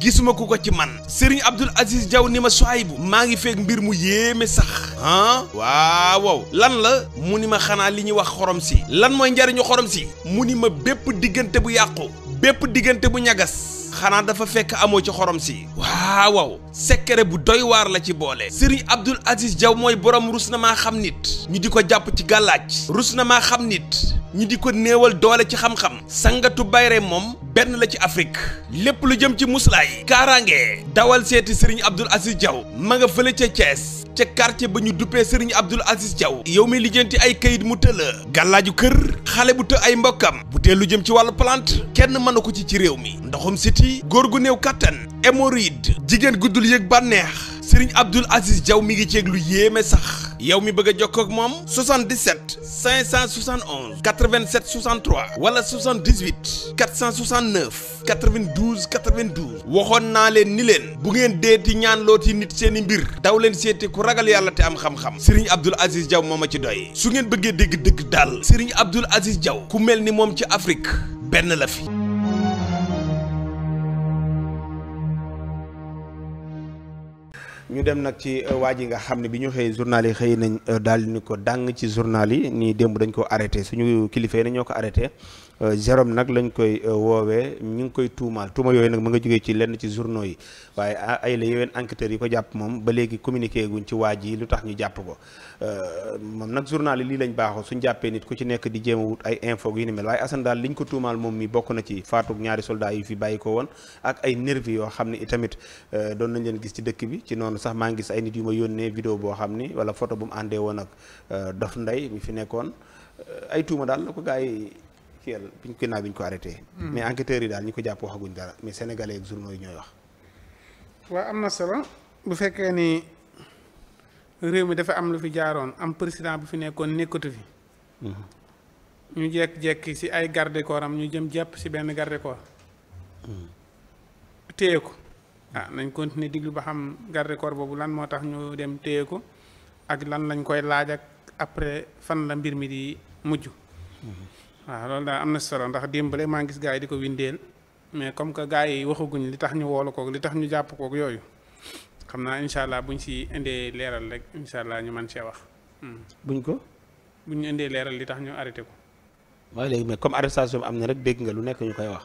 gisuma ku ko ci man Serigne Abdoul Aziz Diaw ni ma bu maa ngi feeg mbir mu yéeme sax ah waaw lan la mu ni ma xanaa li ñuy wax xorom si lan mooy njariñu xorom si mu ni ma bépp diggante bu yàqu bépp diggante bu ñagas xanaa dafa fekk amoo ci xorom si waaw secret bu doy waar la ci boole Serigne Abdoul Aziz jaw mooy borom rus na maa xam nit ñu di ko jàpp ci gàllaaj rus na maa xam nit ñi di ko néewal doole ci xam-xam sangatu bayre moom benn la ci Afrique lépp lu jëm ci muslaay kaaraange dawal seeti Serigne Abdoul Aziz Diaw ma nga fële ca cees ca quartier ba ñu duppee Serigne Abdoul Aziz Diaw yow mi lijjanti ay kayit mu tëla gàllaaju kër xale bu të ay mbokkam bu lu jëm ci wàllu plante kenn mënu ko ci ci réew mi ndoxum siti góor gu néew kattan hémorroïde jigéen guddul yëg bànneex Serigne Abdoul Aziz jaw mi ngi ceeg lu yéeme sax yow mi bëgg a jokkoo ak moom 77 571 87 63 wala 78 469 waxoon naa leen ni leen bu ngeen deeti ñaan yi nit seeni mbir daw leen seeti ku ragal yàlla te am xam-xam Serigne Abdoul Aziz jaw moom a ci doy su ngeen bëggee dégg dëgg daal Serigne Abdoul Aziz jaw ku mel ni moom ci Afrique benn la fi. ñu dem nag ci euh, waa ji nga xam ne bi ñu xëy journal yi xëy nañ euh, daal ni ko dàng ci journal yi nii démb dañ ko arrêté suñu kilifa yi ñoo ko arrêté euh, Jérôme nag lañ koy woowee ñu ngi koy tuumaal tuuma yooyu nag mu nga jógee ci lenn ci journaux yi waaye ay la yeneen enquêteurs yi ko jàpp moom ba léegi communiqué guñ ci waa ji lu tax ñu jàpp ko moom nag journal yi lii lañ baaxoo suñ jàppee nit ku ci nekk di jéem wut ay info yu ni mel waaye Assane daal ko tuumaal mi bokk na ci faatu ñaari soldat yi fi bàyyi ko woon ak ay nervi yoo xam ne itamit doon nañ leen gis ci dëkk bi ci noonu sax maa ngi gis ay nit yu ma yónnee vidéo boo xam ni wala photo bu mu àndee woon ak euh, Dof Ndeye mu fi nekkoon euh, ay tuuma daal la ko gars yi kiyal biñ ginnaaw bi ñu ko arrêté. Hmm. mais enquêteurs yi daal ñi ko jàpp waxaguñ dara mais sénégalais ak journaux yi ñooy wax. waaw am na solo bu fekkee ni réew mi dafa am lu fi jaaroon am président bu fi nekkoon nekkatu fi. Hmm. ñu jekk-jekki ci ay garde corps am ñu jëm jàpp ci benn garde corps. Hmm. téye ko. ah nañ continuer diglu ba xam garde corps boobu lan moo tax ñu dem téye ko ak lan lañ koy laaj ak après fan la mbir mi di mujj. Mm-hmm. waaw loolu daal am na solo ndax démb rek maa ngi gis gars yi di ko windeel mais comme que gars yi waxaguñ li tax ñu woolu kook li tax ñu jàpp kook yooyu xam naa incha allah bu buñ si indee leeral rek incha allah ñu mën cee wax. Mm. buñ ko. buñ ñu indee leeral li tax ñu arrêté ko. waaye léegi mais comme arrestation am na rek dégg nga lu nekk ñu koy wax.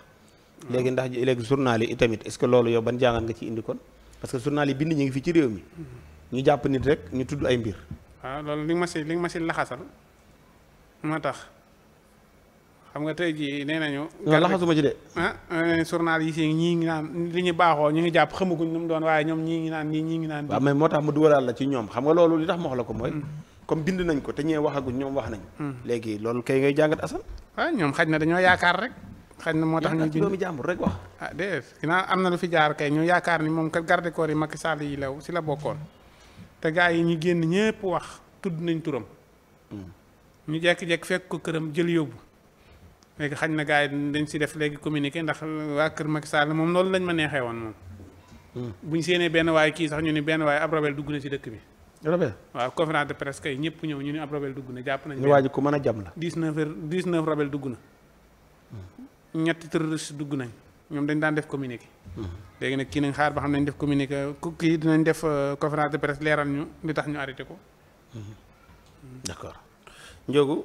léegi ndax léegi journal yi itamit est-ce que loolu yow ban jàngat nga ci indi kon parce que journal yi bind ñu ngi fii ci réew mi ñu jàpp nit rek ñu tudd ay mbir. waaw ah, loolu li nga ma si li nga ma si tax xam nga tey jii nee nañu. non laxasuma ci de. ah eh, journal yi si ñii ngi naan li ñu baaxoo ñu ngi jàpp xamaguñ nu mu doon waaye ñoom ñii ngi naan ñii ñii ngi naan. waaw moo tax mu dugalal la ci ñoom xam nga loolu li tax ma la ko mooy. Mm. comme bind nañ ko te ñee waxaguñ ñoom wax nañ mm. léegi loolu kay ngay jàngat asal. waaw ah, ñoom xaj na dañoo yaakaar rek xañ na moo tax ñu doomi jàmbur rek wax ah déedéet ginnaaw am na lu fi jaar kay ñu yaakaar ni moom kat garde corps yi Macky Sall yi lew si la bokkoon te gars yi ñu génn ñépp wax tudd nañ turam mm. ñu jekk-jekk fekk ko këram jël yóbbu léegi xañ na gars yi dañ si def léegi communiqué ndax waa kër Macky Sall moom loolu lañ ma neexee woon moom mm. buñ séenee benn waay kii sax ñu ni benn waay ab rabel dugg na si dëkk bi robel waaw conférence de presse kay ñëpp ñëw ñu ni ab rabel na jàpp nañ a jam la 19 heures 19 rabel dugg na ñetti terroriste dugg nañ ñoom dañ daan def communiqué. léegi nag kii nañ xaar ba xam nañ def communiqué ku kii dinañ def euh, conférence de presse leeral ñu li tax ñu arrêté ko. Mm-hmm. d'accord Ndiogou.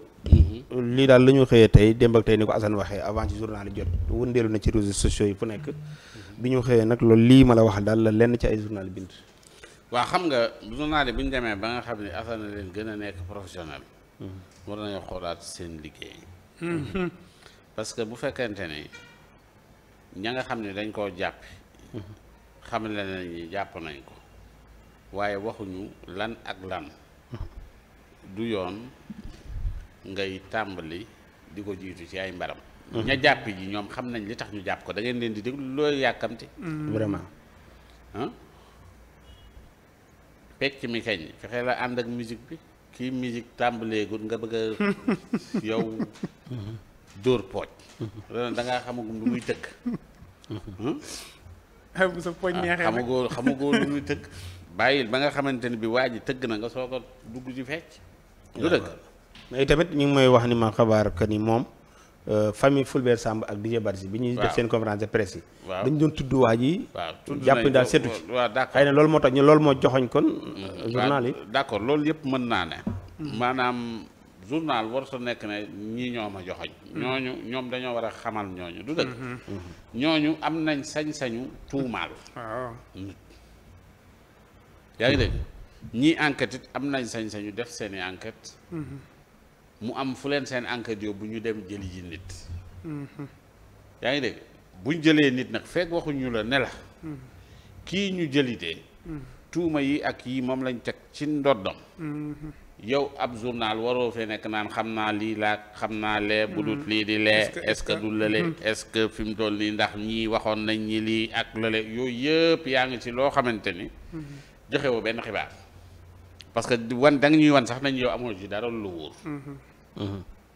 lii daal la ñu xëyee tey démb ak tey ni ko Assane waxee avant ci journal yi jot wëndeelu na ci réseaux sociaux yi fu nekk. Mm-hmm. bi ñu xëyee nag loolu lii ma la wax daal la lenn ci ay journal bind. waa xam nga journal yi bu ñu demee ba nga xam ne na leen gën a nekk professionnel. Mm-hmm. war nañoo xoolaat seen liggéey. parce que bu fekkente ni ña nga xam ne dañ koo jàpp xam le nañu jàpp nañ ko waaye waxuñu lan ak lan du yoon ngay tàmbali di ko jiitu ci ay mbaram ña jàpp ji ñoom xam nañ li tax ñu jàpp ko da ngeen leen di déglu looy yàkkamti mm. vraiment pecc mi kañ fexe la ànd ak musique bi kii musique tàmbaleegul nga bëgg yow mm-hmm. dóor pooj. ren da ngaa xamagum lu muy tëkk. xam ah, sa pooj neexee ah, xamagoo xamagoo lu muy tëkk bàyyil ba nga xamante ni bi waa ji tëgg na nga soo ko dugg ci fecc. lu dëgg mais tamit ñu ngi may wax ni ma xabaar que ni moom. Euh, famille Fulbert Samb ak DJ Barzi bi ñuy def seen conférence de presse yi. waaw dañu doon tudd waa ji. waaw tudd jàpp ni daal seetu ci. xëy na loolu moo tax ñu loolu moo joxoñ kon. Mm-hmm. journal yi d' accord loolu yëpp mën naa ne. Mm-hmm. maanaam journal war sa nekk ne ñii ñoo ma joxoñ mm-hmm. ñoom dañoo war a xamal ñooñu du dëgg mm-hmm. Mm-hmm. ñooñu am nañ sañ-sañu tuumaal nit yaa ngi dégg ñii enquête it am nañ sañ-sañu def seeni enquête mu am fu leen seen enquête yooyu bu ñu dem jëli ji nit yaa ngi dégg buñ jëlee nit nag fekk waxuñu la ne la kii ñu jëlitee tuuma yi ak yii moom lañ teg ci ndoddam yow ab journal waroo fee nekk naan xam naa lii laa xam naa lee bu dut hmm. lii di lee est-ce que du la hmm. est-ce que fi mu toll nii ndax ñii waxoon nañ ñi lii ak lële yooyu yëpp yaa ngi ci loo xamante ni hmm. joxe benn xibaar parce que wan da ñuy wan sax nañ yow amoo ci dara lu wóor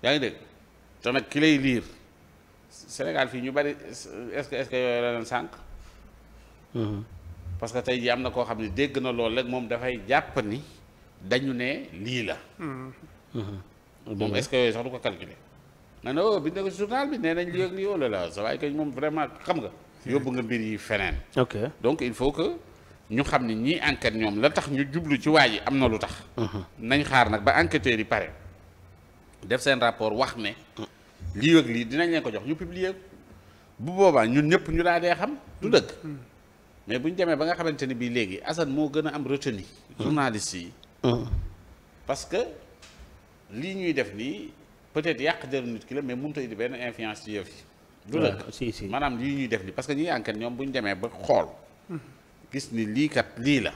yaa ngi dégg te nag ki lay liir Sénégal fii ñu bari est-ce yooyu la leen sànq parce que tey jii am na koo xam ne dégg na loolu rek moom dafay jàpp ni dañu ne lii la. Mm-hmm. moom est-ce que yooyu sax du ko calculer. nga ne oh bind ko journal bi nee nañ lii ak lii wala la sa waaye kañ moom vraiment xam nga. yóbbu nga mbir yi feneen. ok donc il faut que ñu xam ne ñii enquête ñoom la tax ñu jublu ci waa yi am na lu tax. Mm-hmm. nañ xaar nag ba enquêteurs yi pare def seen rapport wax ne. lii ak lii dinañ leen ko jox ñu publier bu boobaa ñun ñëpp ñu daa dee xam du dëkk mm-hmm. mais bu ñu demee ba nga xamante ni bii léegi Assane moo gën a am retenu. journaliste yi. parce que lii ñuy def nii peut-être yàq deru nit ki la mais mënut a indi benn influence ci yëf yi. du la si si maanaam lii ñuy def nii parce que ñuy enquête ñoom bu ñu demee ba xool. gis ni lii kat lii la.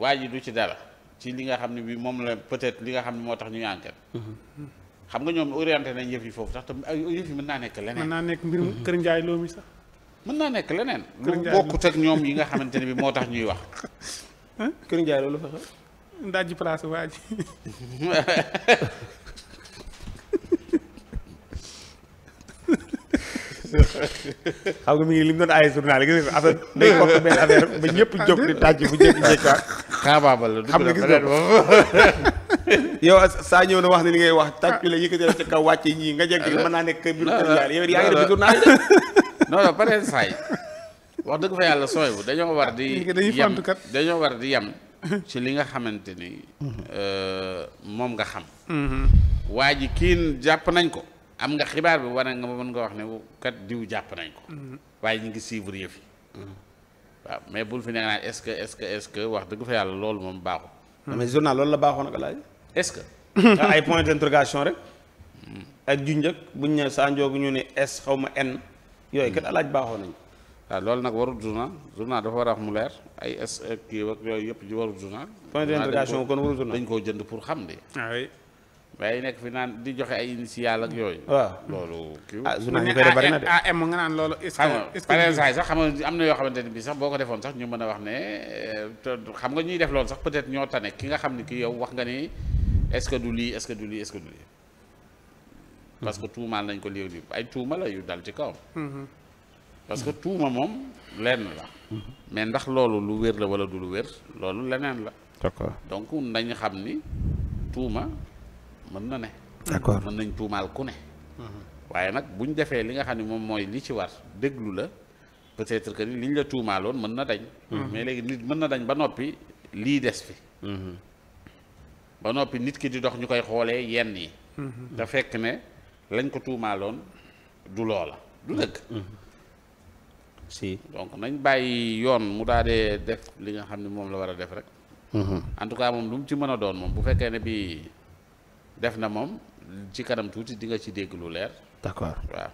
waa ji du ci dara ci li nga xam ne bi moom la peut-être li nga xam ne moo tax ñu enquête. xam nga ñoom orienté nañ yëf yi foofu sax te yëf yi mën naa nekk leneen. mën naa nekk mbirum Kër Ndiaye loomi sax. mën naa nekk leneen. lu bokkut ak ñoom yi nga xamante ne bi moo tax ñuy wax. Kër Ndiaye loolu fa xew. daaj ji place waa ji. xam nga mi ngi lim doon ay journal gis nga affaire day kott benn affaire ba ñëpp jóg di tàjji bu jékki-jékkiwaat. xaabaabal xam nga gis nga yow saa ñëw na wax ne li ngay wax tàjji kaw wàcce ñii nga jékki mën naa nekk biir kër Ndiaye yow yaa ngi journal non non pare saay wax dëgg fa yàlla sooy bu dañoo war di yam dañoo war di yam ci li nga xamante ni euh, moom nga xam mm-hmm. waa ji kii jàpp nañ ko am nga xibaar bi war nga mën nga wax ne kat diw jàpp nañ ko mm-hmm. waaye ñu ngi suivre yëf yi mm-hmm. waaw mais bul fi ne naa est-ce que est-ce que est-ce wax dëgg fa yàlla loolu moom baaxul mais journal loolu la baaxoon ak laaj est-ce que ah, ay point d'interrogation rek ak junjëk buñ ne Sa Ndiogou ñu ne s xaw ma n yooyu kat alaaj baaxoo nañ waaw loolu nag warul journal journal dafa war a wax mu leer ay s kii yooyu yëpp ji warul journal point d'interrogation kon warul dañ koo jënd pour xam de ah waaye nekk fi naan di joxe ay initial ak yooyu. waaw loolu kii. ah journal ñu koy def na de am ah, nga naan loolu. est-ce am na yoo xamante ne bii sax boo ko defoon sax ñu mën a wax ne xam nga ñuy def loolu sax peut-être ñoo tane ki nga xam ne kii yow wax nga ni est-ce que du lii est-ce que du lii est-ce que du lii. Hmm. parce tuumaal nañ ko lii ay tuuma la yu dal ci kawam. Hmm. parce que tuuma moom lenn la mais ndax loolu lu wér la wala du lu wér loolu leneen la d'accord donc nañ xam ni tuuma mën na ne d'accord mën nañ tuumaal ku ne mhm. waaye nag buñ defee li nga xam ne moom mooy li ci war déglu la peut-être que liñ la tuumaaloon mën na dañ mhm. mais léegi nit mën na dañ ba noppi lii des fi mhm. ba noppi nit ki di dox ñu koy xoolee yenn yi da fekk ne lañ ko tuumaaloon du loola du dëgg si donc nañ bàyyi yoon mu daal dee def li nga xam ne moom la war a def rek. Mhm. en tout cas moom lu mu ci mën a doon moom bu fekkee ne bii def na moom ci kanam tuuti di nga ci dégg lu leer. d'accord waaw.